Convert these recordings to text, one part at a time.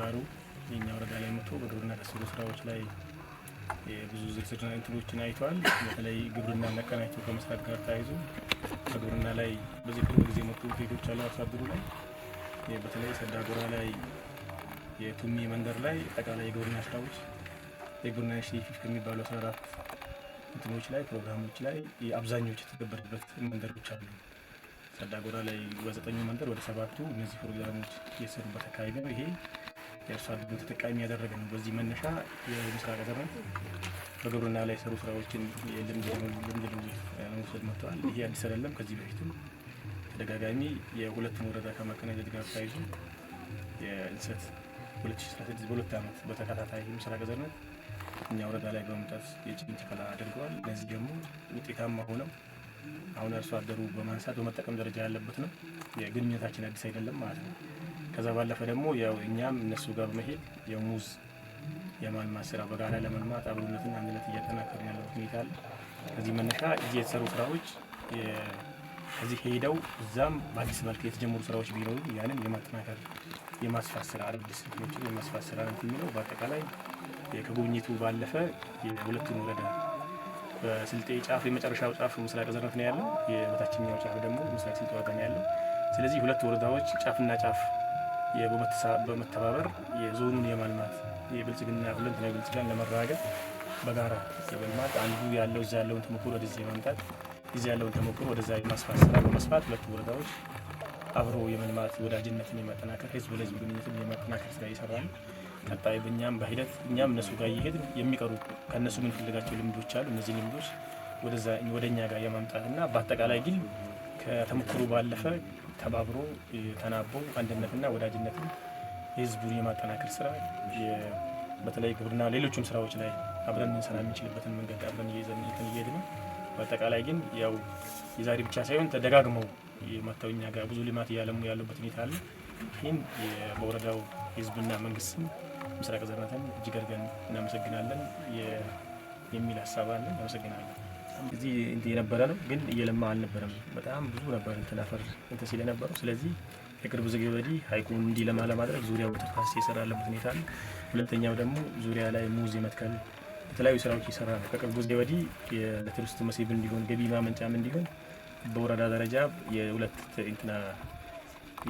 አመራሩ የኛ ወረዳ ላይ መጥቶ በግብርና ተስሎ ስራዎች ላይ ብዙ ዝርዝር እንትኖችን አይተዋል። በተለይ ግብርና ነቀናቸው ከመስራት ጋር ተያይዞ በግብርና ላይ በዚህ ቅርብ ጊዜ መጡ ውጤቶች አሉ። አርሶ አደሩ ላይ በተለይ ሰዳጎራ ላይ የቱሚ መንደር ላይ አጠቃላይ የግብርና ስራዎች የግብርና ኢንስቲትዩት ከሚባሉ አስራ አራት እንትኖች ላይ ፕሮግራሞች ላይ የአብዛኞች የተገበረበት መንደሮች አሉ። ሰዳጎራ ላይ በዘጠኙ መንደር ወደ ሰባቱ እነዚህ ፕሮግራሞች የሰሩበት አካባቢ ነው ይሄ የአርሶ አደሩ ተጠቃሚ ያደረገ ነው። በዚህ መነሻ የምስራቅ ሐረርጌ በግብርና ላይ የሰሩ ስራዎችን ልምድ ልውውጥ ለመውሰድ መጥተዋል። ይሄ አዲስ አይደለም። ከዚህ በፊትም ተደጋጋሚ የሁለቱን ወረዳ ከማቀናጀት ጋር ተያይዞ የእንሰት 2016 በሁለት ዓመት በተከታታይ የምስራቅ ሐረርጌ እኛ ወረዳ ላይ በመምጣት የጭንት ፈላ አድርገዋል። እነዚህ ደግሞ ውጤታማ ሆነው አሁን አርሶ አደሩ በማንሳት በመጠቀም ደረጃ ያለበት ነው። የግንኙነታችን አዲስ አይደለም ማለት ነው። ከዛ ባለፈ ደግሞ ያው እኛም እነሱ ጋር በመሄድ የሙዝ የማልማት ስራ በጋራ ለመልማት አብሮነትና አንድነት እያጠናከርን ያለበት ሁኔታ አለ። ከዚህ መነሻ እዚህ የተሰሩ ስራዎች ከዚህ ሄደው እዛም በአዲስ መልክ የተጀመሩ ስራዎች ቢኖሩ ያንን የማጠናከር የማስፋት ስራ አዳዲስ ችግሮችን የማስፋት ስራ ነው የሚለው። በአጠቃላይ ከጉብኝቱ ባለፈ የሁለቱን ወረዳ በስልጤ ጫፍ የመጨረሻው ጫፍ ምስራቅ ዘርፍ ነው ያለው። የበታችኛው ጫፍ ደግሞ ምስራቅ ስልጤ ዋጋ ነው ያለው። ስለዚህ ሁለት ወረዳዎች ጫፍና ጫፍ በመተባበር የዞኑን የማልማት የብልጽግና ሁለንተናዊ ብልጽግና ለመረጋገጥ በጋራ የመልማት አንዱ ያለው እዛ ያለውን ተሞክሮ ወደዚህ የማምጣት እዚያ ያለውን ተሞክሮ ወደዛ የማስፋት ስራ በመስፋት ሁለቱ ወረዳዎች አብሮ የመልማት ወዳጅነትን የማጠናከር ህዝብ ለህዝብ ግንኙነትን የማጠናከር ስራ ይሰራል። ቀጣይ በእኛም በሂደት እኛም እነሱ ጋር እየሄድን የሚቀሩ ከእነሱ የምንፈልጋቸው ልምዶች አሉ። እነዚህ ልምዶች ወደ እኛ ጋር የማምጣት እና በአጠቃላይ ግን ከተሞክሮ ባለፈ ተባብሮ ተናቦ አንድነትና ወዳጅነትን የህዝቡን የማጠናከር ስራ በተለይ ግብርና፣ ሌሎችም ስራዎች ላይ አብረን እንሰራ የምንችልበትን መንገድ አብረን እየይዘን እየሄድ ነው። በአጠቃላይ ግን ያው የዛሬ ብቻ ሳይሆን ተደጋግመው መጥተው እኛ ጋር ብዙ ልማት እያለሙ ያሉበት ሁኔታ አለ። ይህም በወረዳው የህዝብና መንግስትም ምስራቅ ዘርናትን እጅግ አድርገን እናመሰግናለን የሚል ሀሳብ አለን። እናመሰግናለን። እዚህ እንትን የነበረ ነው፣ ግን እየለማ አልነበረም። በጣም ብዙ ነበር እንትን አፈር እንትን ሲል የነበረው። ስለዚህ የቅርብ ዝግ ወዲህ ሀይቁን እንዲለማ ለማድረግ ዙሪያው ተፋሰስ የሰራለበት ሁኔታ አለ። ሁለተኛው ደግሞ ዙሪያ ላይ ሙዝ የመትከል የተለያዩ ስራዎች እየሰራ ነው። ከቅርብ ጊዜ ወዲህ የቱሪስት መስህብ እንዲሆን ገቢ ማመንጫም እንዲሆን በወረዳ ደረጃ የሁለት እንትና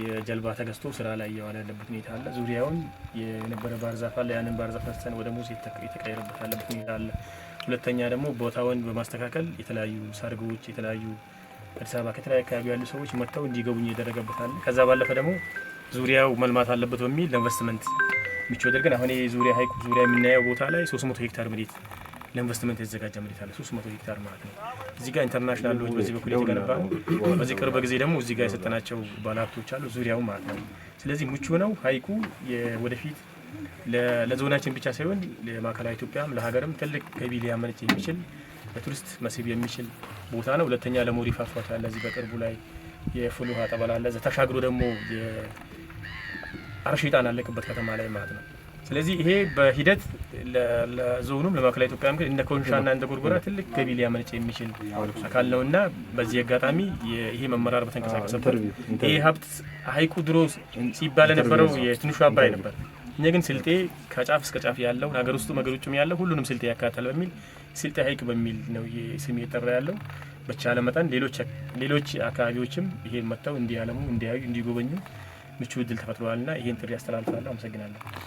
የጀልባ ተገዝቶ ስራ ላይ እየዋለ ያለበት ሁኔታ አለ። ዙሪያውን የነበረ ባህር አለ። ያንን ባርዛፍ ዛፍ ነስተን ወደ ሙዝ የተቀየረበት ያለበት ሁኔታ አለ። ሁለተኛ ደግሞ ቦታውን በማስተካከል የተለያዩ ሰርጎች፣ የተለያዩ አዲስ አበባ ከተለያዩ አካባቢ ያሉ ሰዎች መጥተው እንዲገቡኝ እየደረገበት አለ። ከዛ ባለፈ ደግሞ ዙሪያው መልማት አለበት በሚል ለኢንቨስትመንት ምቹ አድርገን አሁን ዙሪያ ሀይቁ ዙሪያ የምናየው ቦታ ላይ 300 ሄክታር መሬት ለኢንቨስትመንት የተዘጋጀ መሬት አለ፣ 300 ሄክታር ማለት ነው። እዚህ ጋር ኢንተርናሽናል ሎጅ በዚህ በኩል የተገነባ ነው። በዚህ ቅርብ ጊዜ ደግሞ እዚህ ጋር የሰጠናቸው ባለሀብቶች አሉ፣ ዙሪያው ማለት ነው። ስለዚህ ምቹ ነው። ሀይቁ ወደፊት ለዞናችን ብቻ ሳይሆን ለማዕከላዊ ኢትዮጵያም ለሀገርም ትልቅ ገቢ ሊያመነጭ የሚችል ለቱሪስት መስህብ የሚችል ቦታ ነው። ሁለተኛ ለሞሪ ፏፏቴ አለ እዚህ በቅርቡ ላይ የፍል ውሃ ጠበላ አለ። ተሻግሮ ደግሞ አርሽጣን አለቅበት ከተማ ላይ ማለት ነው። ስለዚህ ይሄ በሂደት ለዞኑም ለማዕከላዊ ኢትዮጵያ ግን እንደ ኮንሻና እንደ ጎርጎራ ትልቅ ገቢ ሊያመነጭ የሚችል አካል ነው እና በዚህ አጋጣሚ ይሄ መመራር በተንቀሳቀሰበት ይሄ ሀብት ሀይቁ ድሮ ሲባል የነበረው የትንሹ አባይ ነበር። እኛ ግን ስልጤ ከጫፍ እስከ ጫፍ ያለው ሀገር ውስጡ ሀገር ውጭም ያለው ሁሉንም ስልጤ ያካታል በሚል ስልጤ ሀይቅ በሚል ነው ስም እየጠራ ያለው። በቻለ መጠን ሌሎች አካባቢዎችም ይሄን መጥተው እንዲያለሙ፣ እንዲያዩ፣ እንዲጎበኙ ምቹ እድል ተፈጥሯልና ይሄን ጥሪ ያስተላልፋለሁ። አመሰግናለሁ።